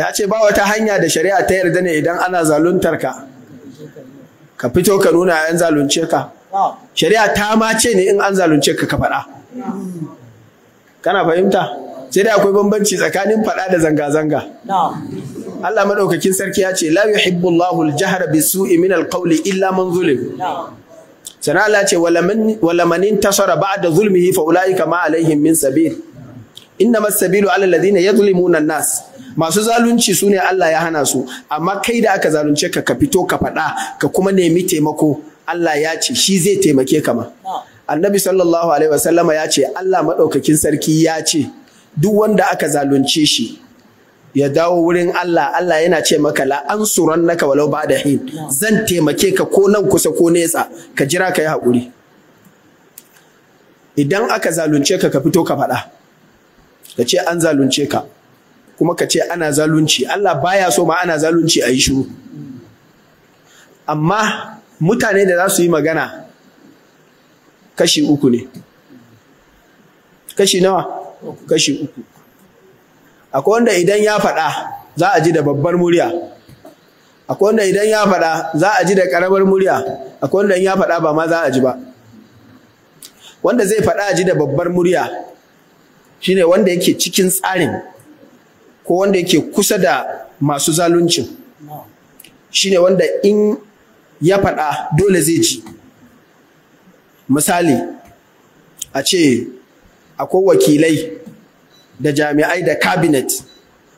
ya ce ba wata hanya da shari'a ta yarda ne idan ana zaluntar ka ka fito ka nuna an zalunce ka shari'a ta ma ce ne in an zalunce ka ka faɗa kana fahimta sai dai akwai bambanci tsakanin faɗa da zanga-zanga Allah madaukakin sarki ya ce la yuhibbullahu al-jahra bisu'i min al-qawli illa man zulim sana Allah ce wala man intasara ba'da zulmihi fa ulaika ma alaihim min sabil innama as-sabilu ala alladhina yadhlimuna an-nas masu zalunci su ne Allah ya hana su amma kai da aka zalunce ka ka fito ka faɗa ka kuma nemi taimako Allah ya ce shi zai taimake ka ma annabi sallallahu alaihi wasallama ya ce Allah maɗaukakin sarki ya ce duk wanda aka zalunce shi ya dawo wurin Allah Allah yana ce maka la an suran naka walau ba da hin zan taimake ka ko nan kusa ko nesa ka jira ka yi haƙuri idan aka zalunce ka ka fito ka faɗa ka ce an zalunce ka kuma ka ce ana zalunci Allah baya so ma ana zalunci a yi shiru amma mutane da za su yi magana kashi uku ne kashi nawa kashi uku akwai wanda idan ya faɗa za a ji da babbar murya akwai wanda idan ya faɗa za a ji da ƙaramar murya akwai wanda ya faɗa ba ma za a ji ba wanda zai faɗa a ji da babbar murya shine wanda yake cikin tsarin ko wanda yake kusa da masu zaluncin shine wanda in ya faɗa dole zai ji misali a ce akwai wakilai da jami'ai da cabinet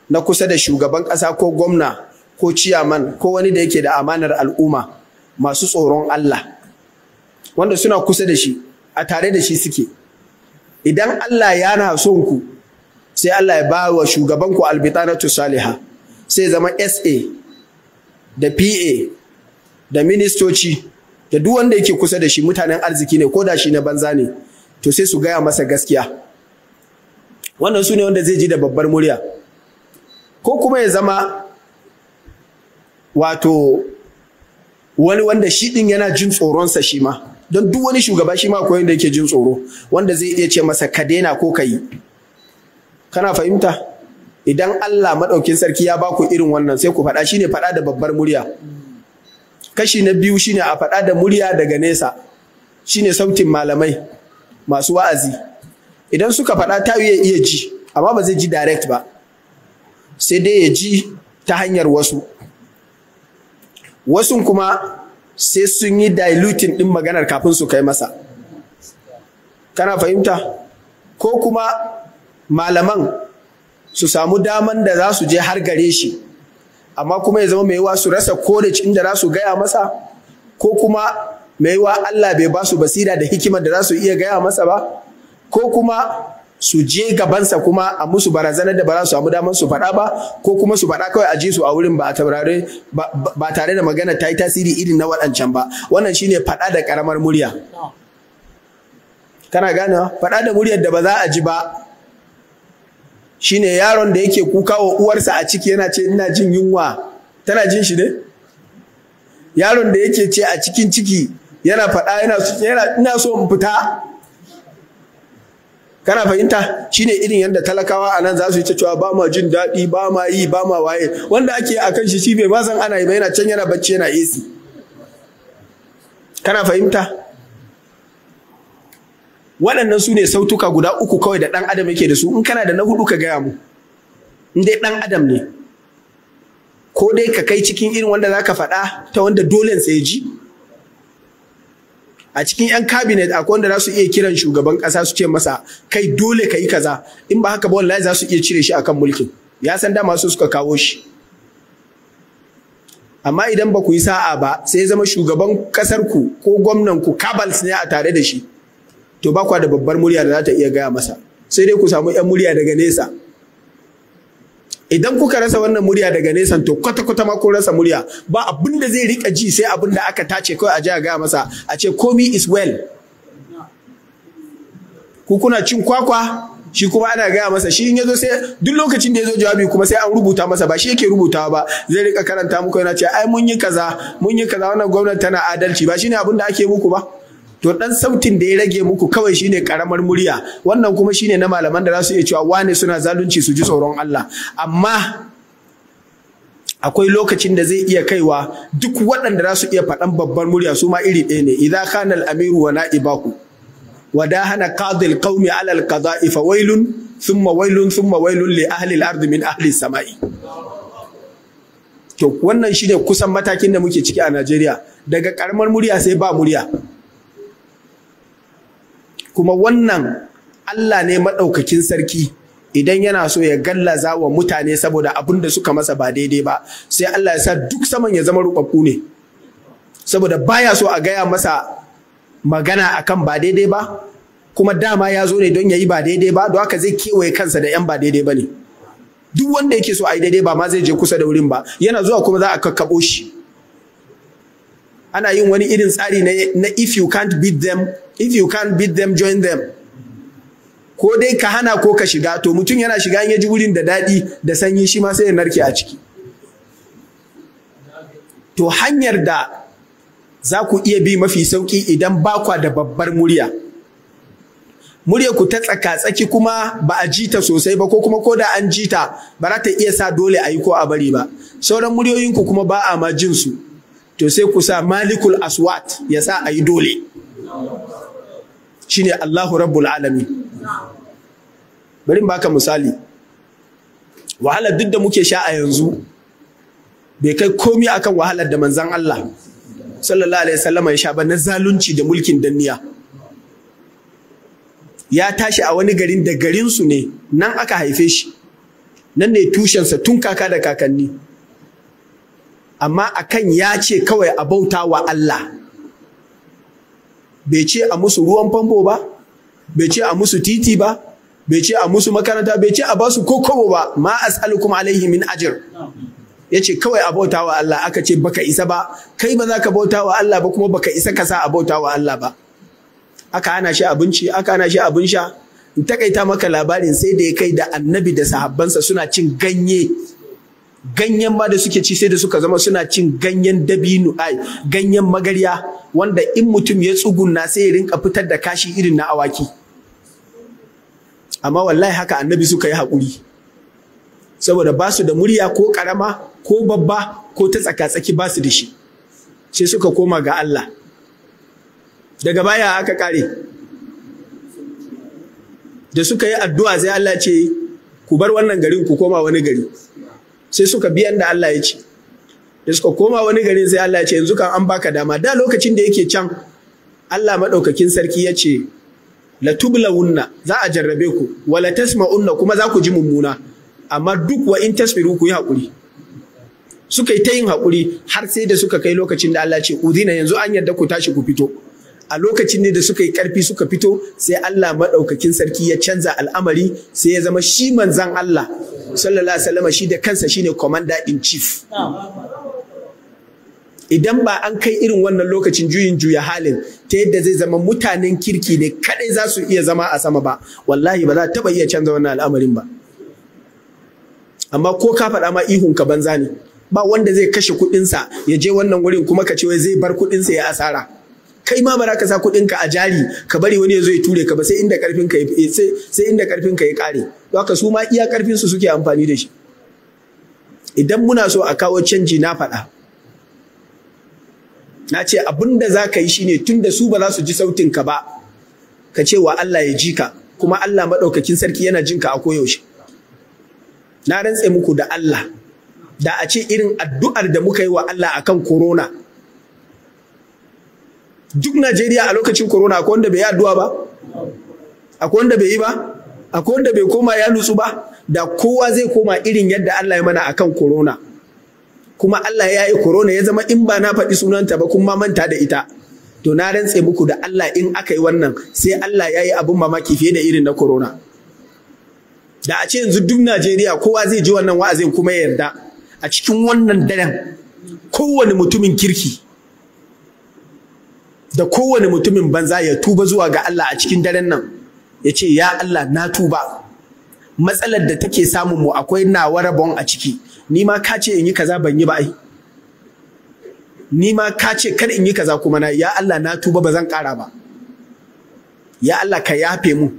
na kusa da shugaban ƙasa ko gwamna ko ciyaman ko wani da yake da amanar al'umma masu tsoron Allah wanda suna kusa da shi a tare da shi suke idan Allah yana son ku sai Allah ya ba wa shugaban ku tu saliha sai zama SA da PA da ministoci da duk wanda yake kusa da shi mutanen arziki ne ko da shi na banza ne to sai su gaya masa gaskiya wannan su ne wanda zai ji da babbar murya ko kuma ya zama wato wani wanda shi din yana jin tsoronsa shi ma don duk wani shugaba shi ma akwai wanda yake jin tsoro wanda zai iya ce masa ka daina ko ka yi kana fahimta idan Allah maɗaukin sarki ya baku irin wannan sai ku faɗa shine faɗa da babbar murya kashi na biyu shine a faɗa da murya daga nesa shine sautin malamai masu wa'azi idan suka faɗa ta iya iya ji amma ba zai ji direct ba sai dai ya ji ta hanyar wasu wasun kuma sai sun yi diluting ɗin maganar kafin su kai masa kana fahimta ko kuma malaman su samu daman da za su je har gare shi amma kuma ya zama mai yiwa su rasa college inda za su gaya masa ko kuma mai yiwa Allah bai ba su basira da hikimar da za su iya gaya masa ba ko kuma su je gabansa kuma a musu barazanar da ba za su samu damar su faɗa ba ko kuma su faɗa kawai a ji su a wurin ba taurare ba tare da magana ta yi tasiri irin na waɗancan ba wannan shine faɗa da ƙaramar murya kana gane faɗa da muryar da ba za a ji ba shine yaron da yake kuka wa uwarsa a ciki yana ce ina jin yunwa tana jin shi ne yaron da yake ce a cikin ciki yana faɗa yana ina so in fita kana fahimta shine irin yadda talakawa a nan za su yi ta cewa ba ma jin daɗi ba ma yi ba ma waye wanda ake a kan shi shi bai ba san ana yi ba yana can yana bacci yana esi kana fahimta waɗannan su ne sautuka guda uku kawai da ɗan adam yake da su in kana da na hudu ka gaya mu in dai ɗan adam ne ko dai ka kai cikin irin wanda za ka faɗa ta wanda dole sai ji a cikin 'yan kabinet akwai wanda za su iya kiran shugaban ƙasa su ce masa kai dole ka yi kaza in ba haka ba wallahi za su iya cire shi akan mulkin ya san dama su suka kawo shi amma idan ba ku yi sa'a ba sai zama shugaban ƙasarku ku ko gwamnan ku kabals ne a tare da shi to ba kwa da babbar murya da za ta iya gaya masa sai dai ku samu 'yan murya daga nesa idan kuka rasa wannan murya daga nesa to kwata-kwata ma kun rasa murya ba abin da zai rika ji sai abin da aka tace kawai a ji a gaya masa a ce komi is well ku kuna cin kwakwa shi kuma ana gaya masa shi in yazo sai duk lokacin da yazo jawabi kuma sai an rubuta masa ba shi yake rubutawa ba zai rika karanta muku yana cewa ai mun yi kaza mun yi kaza wannan gwamnati tana adalci ba shine abin da ake muku ba to dan sautin da ya rage muku kawai shine karamar murya wannan kuma shine na malaman da za su iya cewa wane suna zalunci su ji tsoron Allah amma akwai lokacin da zai iya kaiwa duk waɗanda za su iya faɗan babbar murya su ma iri ɗaya ne idza kana al-amiru wa na'ibahu wa dahana qadil qaumi ala al-qada'i fa wailun thumma wailun thumma wailun li ahli al ahli samai to wannan shine kusan matakin da muke ciki a Najeriya daga karamar murya sai ba murya kuma wannan Allah ne maɗaukakin sarki idan yana so ya gallaza wa mutane saboda abin da suka masa ba daidai ba sai Allah ya sa duk saman ya zama rubabbu ne saboda baya so a gaya masa magana akan ba daidai ba kuma dama ya zo ne don ya yi ba daidai ba don haka zai kewaye kansa da yan ba daidai ba ne duk wanda yake so a yi daidai ba ma zai je kusa da wurin ba yana zuwa kuma za a kakkaɓo shi ana yin wani irin tsari na if you can't beat them if you can't beat them join them ko dai ka hana ko ka shiga to mutum yana shiga in ya ji wurin da daɗi da sanyi shi ma sai ya narke a ciki to hanyar da za ku iya bi mafi sauƙi idan ba kwa da babbar murya murya ku ta tsaka-tsaki kuma ba a jita sosai ba ko kuma ko da an jita ba za ta iya sa dole a yi ko a bari ba sauran muryoyinku kuma ba a ma su. to sai ku sa malikul aswat ya sa a yi dole ne Allahu rabbul alami bari baka misali wahalar duk da muke sha a yanzu bai kai komi akan wahalar da manzan Allah sallallahu alaihi wasallama ya sha ba na zalunci da mulkin danniya ya tashi a wani garin da garinsu ne nan aka haife shi nan ne tushensa tun kaka da kakanni amma akan ya ce kawai a bauta wa Allah bai ce a musu ruwan famfo ba bai ce a musu titi ba bai ce a musu makaranta bai ce a basu ko ba ma as'alukum alaihi min ajir ya ce kawai a bauta wa Allah aka ce baka isa ba kai ba za ka bauta wa Allah ba kuma baka isa ka sa a bauta wa Allah ba aka hana shi abinci aka hana shi abin sha in takaita maka labarin sai da ya kai da annabi da sahabbansa suna cin ganye ganyen ma da suke ci sai da suka zama suna cin ganyen dabino ai ganyen magarya wanda in mutum ya tsugunna sai ya rinka fitar da kashi irin na awaki amma wallahi haka annabi suka yi hakuri, saboda ba su da murya ko ƙarama ko babba ko ta tsakatsaki ba su da shi sai suka koma ga Allah daga baya aka kare da suka yi addu'a sai Allah ce ku bar wannan garin ku koma wani gari sai suka biyan da Allah ya ce da suka koma wani gari sai Allah ya ce yanzu kan an baka dama da lokacin da yake can Allah madaukakin sarki ya ce la tublawunna za a jarrabe ku wala tasma'unna kuma za ku ji mummuna amma duk wa in tasbiru ku yi hakuri suka yi ta yin hakuri har sai da suka kai lokacin da Allah ce udina yanzu an yarda ku tashi ku fito a lokacin ne da suka yi karfi suka fito sai Allah maɗaukakin sarki ya canza al'amari sai ya zama shi manzan Allah sallallahu alaihi wasallam shi da kansa shine commander in chief idan ba an kai irin wannan lokacin juyin juya halin ta yadda zai zama mutanen kirki ne kadai za su iya zama a sama ba wallahi ba za taba iya canza wannan al'amarin ba amma ko ka faɗa ma ihun ka banza ne ba wanda zai kashe kuɗinsa ya je wannan wurin kuma ka ce wai zai bar kuɗinsa ya asara kai ma ba ka sa kuɗin ka a jari ka bari wani ya zo ya ture ka ba sai inda karfin ka sai inda karfin ka ya kare don haka su ma iya karfin su suke amfani da shi idan muna so a kawo canji na faɗa na ce abin da za ka yi shine tun da su ba za su ji sautin ka ba ka ce wa Allah ya ji ka kuma Allah maɗaukakin sarki yana jin ka a koyaushe na rantse muku da Allah da a ce irin addu'ar da muka yi wa Allah akan corona duk Najeriya a lokacin korona akwai wanda bai yi addu'a ba akwai wanda bai yi ba akwai wanda bai koma ya nutsu ba da kowa zai koma irin yadda Allah ya mana akan korona. kuma Allah ya yi korona ya zama in ba na faɗi sunanta ba kuma manta da ita to na rantse muku da Allah in aka yi wannan sai Allah ya yi abin mamaki fiye da irin na korona. da a ce yanzu duk Najeriya kowa zai ji wannan wa'azin kuma ya yarda a cikin wannan daren kowane mutumin kirki da kowane mutumin banza ya tuba zuwa ga Allah a cikin daren nan ya ce ya Allah na tuba matsalar da take samun mu akwai nawa rabon a ciki ni ma ka ce in yi kaza ban yi ba ai ni ma ka ce kar in yi kaza kuma na ya Allah na tuba ba zan kara ba ya Allah ka yafe mu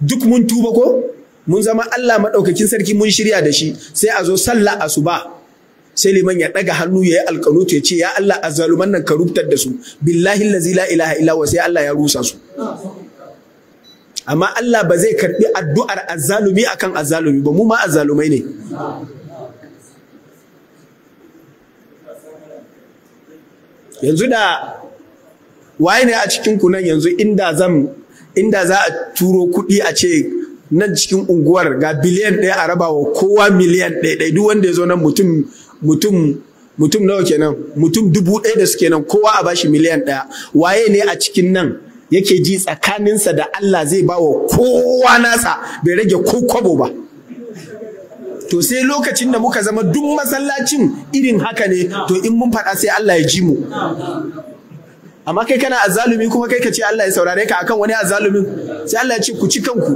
duk mun tuba ko mun zama Allah madaukakin sarki mun shirya da shi sai a zo sallah asuba sai liman ya daga hannu ya yi alkanutu ya ce ya Allah azzaluman nan ka rubutar da su billahi la ilaha illa wa sai Allah ya rusa su amma Allah ba zai karbi addu'ar azzalumi akan azzalumi ba mu ma azzalumai ne yanzu da waye ne a cikin kunan yanzu inda za a turo kuɗi a ce nan cikin unguwar ga biliyan ɗaya a rabawa kowa miliyan ɗaya ɗaya duk wanda ya zo nan mutum mutum mutum nawa kenan mutum dubu ɗaya da suke nan kowa a bashi miliyan ɗaya waye ne a cikin nan yake ji tsakaninsa da Allah zai ba wa kowa nasa bai rage ko kwabo ba to sai lokacin da muka zama duk masallacin irin haka ne to in mun faɗa sai Allah ya ji mu amma kai kana azalumi kuma kai ka ce Allah ya saurare ka akan wani azalumi? sai Allah ya ce ku ci kanku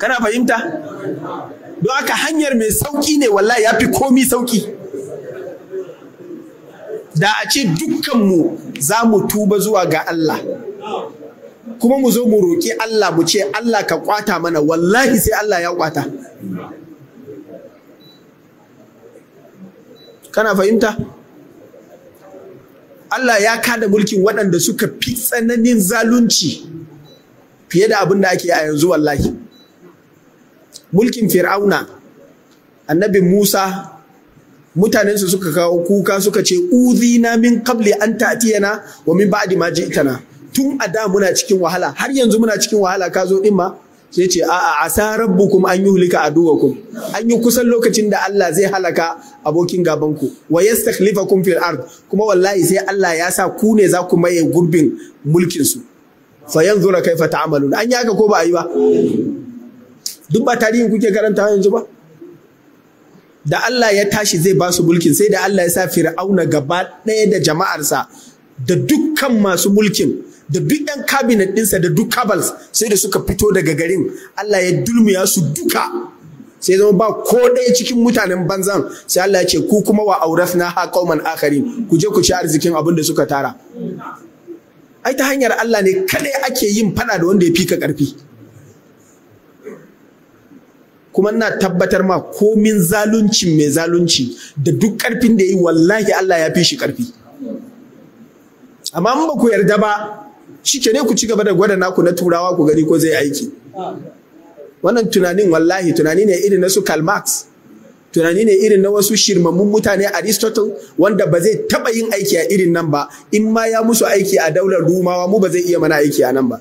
kana fahimta don haka hanyar mai sauki ne wallahi ya fi komi sauki da a ce dukkanmu za mu tuba zuwa ga Allah kuma mu zo mu roƙi Allah mu ce Allah ka kwata mana wallahi sai Allah ya kwata kana fahimta Allah ya kada mulkin waɗanda suka fi tsananin zalunci fiye da abin da ake a yanzu wallahi mulkin fir'auna annabi musa mutanensu suka kawo kuka suka ce uzina min qabli an ta'tiyana wa min ba'di ma ji'tana tun a da muna cikin wahala har yanzu muna cikin wahala ka zo din ma sai ce a'a asa rabbukum an yuhlika aduwakum an yi kusan lokacin da Allah zai halaka abokin gabanku wa yastakhlifakum fil ard kuma wallahi sai Allah ya sa ku ne za ku maye gurbin mulkin su fa yanzura kaifa ta'malun an yaka ko ba a yi ba duk ba tarihin kuke karanta yanzu ba da Allah ya tashi zai ba su mulkin sai da Allah ya sa fir'auna gaba ɗaya da jama'arsa da dukkan masu mulkin da duk ɗan cabinet ɗinsa da duk cabals sai da suka fito daga garin Allah ya dulmiya su duka sai zama ba ko ɗaya cikin mutanen banzan sai Allah ya ce ku kuma wa na ha kauman akari ku je ku ci arzikin abin da suka tara ai ta hanyar Allah ne kaɗai ake yin faɗa da wanda ya fi ka ƙarfi. kuma ina tabbatar ma komin zalunci mai zalunci da duk karfin da yi wallahi Allah ya fi shi karfi amma in ba ku yarda ba shi ne ku ci gaba da gwada naku na turawa ku gani ko zai aiki wannan tunanin wallahi tunani ne irin na su Karl Marx tunani ne irin na wasu shirmammun mutane Aristotle wanda ba zai taba yin aiki a irin nan ba in ma ya musu aiki a daular Rumawa mu ba zai iya mana aiki a nan ba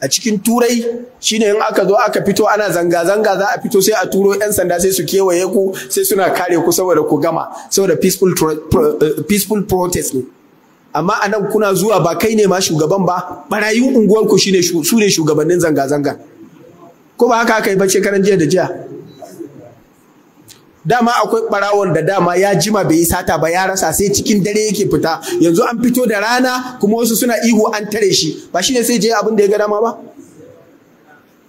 a cikin turai shine in aka zo aka fito ana zanga-zanga za a fito sai a turo 'yan sanda sai su kewaye ku sai suna kare ku saboda ku gama saboda peaceful, pro, eh, peaceful protest ne amma a nan kuna zuwa ba kai ne ma shugaban ba barayin unguwarku shine su ne shugabannin zanga-zanga ko ba haka aka yi ba shekaran jiya da jiya dama akwai ɓarawon da dama ya jima bai yi sata ba ya rasa sai cikin dare yake fita yanzu an fito da rana kuma wasu suna ihu an tare shi ba shi ne sai je abin da ya ga dama ba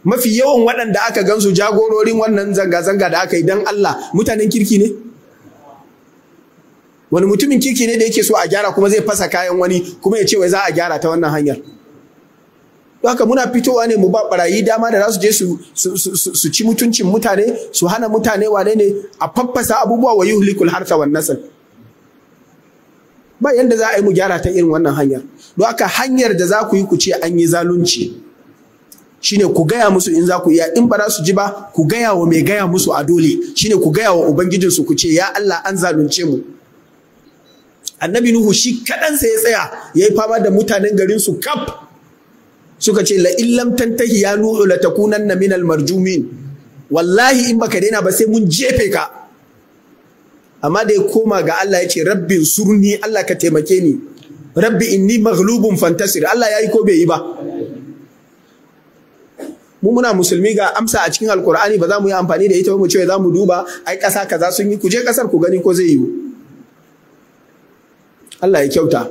mafi yawan waɗanda aka gansu jagororin wannan zanga-zanga da aka yi don Allah mutanen kirki ne wani mutumin kirki ne da yake so a gyara kuma zai fasa kayan wani kuma ya ce wai za a gyara ta wannan hanyar haka muna fitowa ne mu ba barayi dama da za su je su ci mutuncin mutane su hana mutane wane ne a faffasa abubuwa wa yuhlikul harsa wan nasl ba yanda za a yi mu gyara ta irin wannan hanyar don haka hanyar da za ku yi ku ce an yi zalunci shine ku gaya musu in za ku iya in ba za su ji ba ku gaya wa mai gaya musu a dole shine ku gaya wa ubangijin su ku ce ya Allah an zalunce mu annabi nuhu shi kaɗansa ya tsaya ya yi fama da mutanen garin su kaf suka ce la illam tantahi ya nu'u la takunanna minal marjumin wallahi in baka daina ba sai mun jefe ka amma da ya koma ga Allah ya ce rabbi surni Allah ka taimake ni rabbi inni maghlubun fantasir Allah ya yi ko bai yi ba mu muna musulmi ga amsa a cikin alkur'ani ba za mu yi amfani da ita ba mu ce za mu duba ai kasa kaza sun yi ku je kasar ku gani ko zai yi Allah ya kyauta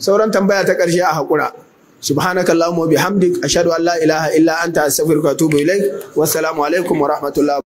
sauran tambaya ta ƙarshe a haƙura subhanaka allahumma wa bihamdik ashhadu an la ilaha illa anta astaghfiruka wa atubu ilaik wassalamu alaikum wa rahmatullahi